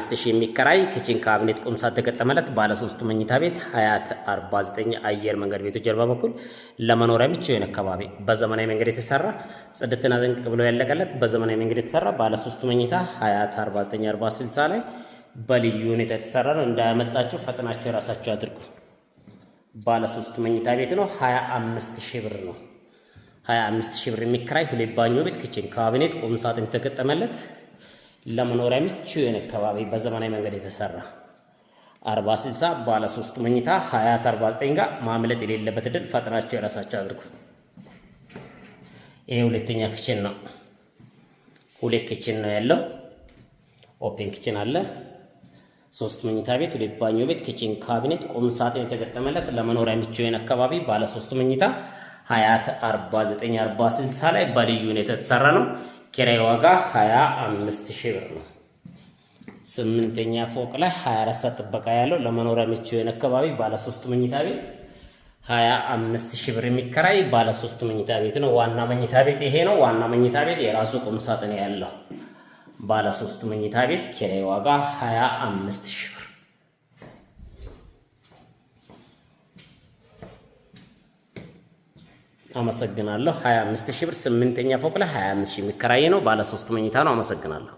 5000 የሚከራይ ኪችን ካብኔት ቁምሳት ተገጠመለት ባለ 3 መኝታ ቤት ሀያት 49 አየር መንገድ ቤቱ ጀርባ በኩል ለመኖሪያ ምቹ የሆነ አካባቢ በዘመናዊ መንገድ የተሰራ ጽድትና ጥንቅቅ ብሎ ያለቀለት በዘመናዊ መንገድ የተሰራ ባለ 3 መኝታ ሀያት 49 40 60 ላይ በልዩ ሁኔታ የተሰራ ነው። እንዳያመልጣችሁ ፈጥናችሁ የራሳችሁ አድርጉ። ባለ 3 መኝታ ቤት ነው። 25000 ብር ነው። 25000 ብር የሚከራይ ሁለት ባኞ ቤት ኪችን ካብኔት ቁም ሳጥን ለመኖሪያ ምቹ የሆነ አካባቢ በዘመናዊ መንገድ የተሰራ አርባ ስልሳ ባለ 3 መኝታ ሀያት 49 ጋር ማምለጥ የሌለበት ድል ፈጥናቸው የራሳቸው አድርጉ። ይሄ ሁለተኛ ክችን ነው። ሁለት ክችን ነው ያለው። ኦፔን ክችን አለ። ሶስት መኝታ ቤት፣ ሁለት ባኞ ቤት፣ ክችን ካቢኔት፣ ቁም ሳጥን የተገጠመለት ለመኖሪያ ምቹ የሆነ አካባቢ ባለ 3 መኝታ ሀያት ዘጠኝ አርባ ስልሳ ላይ በልዩ ሁኔታ የተሰራ ነው። ኪራይ ዋጋ 25 ሺህ ብር ነው። ስምንተኛ ፎቅ ላይ 24 ሰዓት ጥበቃ ያለው ለመኖሪያ ምቹ የሆነ አካባቢ ባለ 3 መኝታ ቤት 25 ሺህ ብር የሚከራይ ባለ 3 መኝታ ቤት ነው። ዋና መኝታ ቤት ይሄ ነው። ዋና መኝታ ቤት የራሱ ቁም ሳጥን ያለው ባለ 3 መኝታ ቤት ኪራይ ዋጋ 25 ሺህ ብር አመሰግናለሁ። 25 ሺህ ብር ስምንተኛ ፎቅ ላይ 25 ሺህ የሚከራይ ነው። ባለ ሶስት መኝታ ነው። አመሰግናለሁ።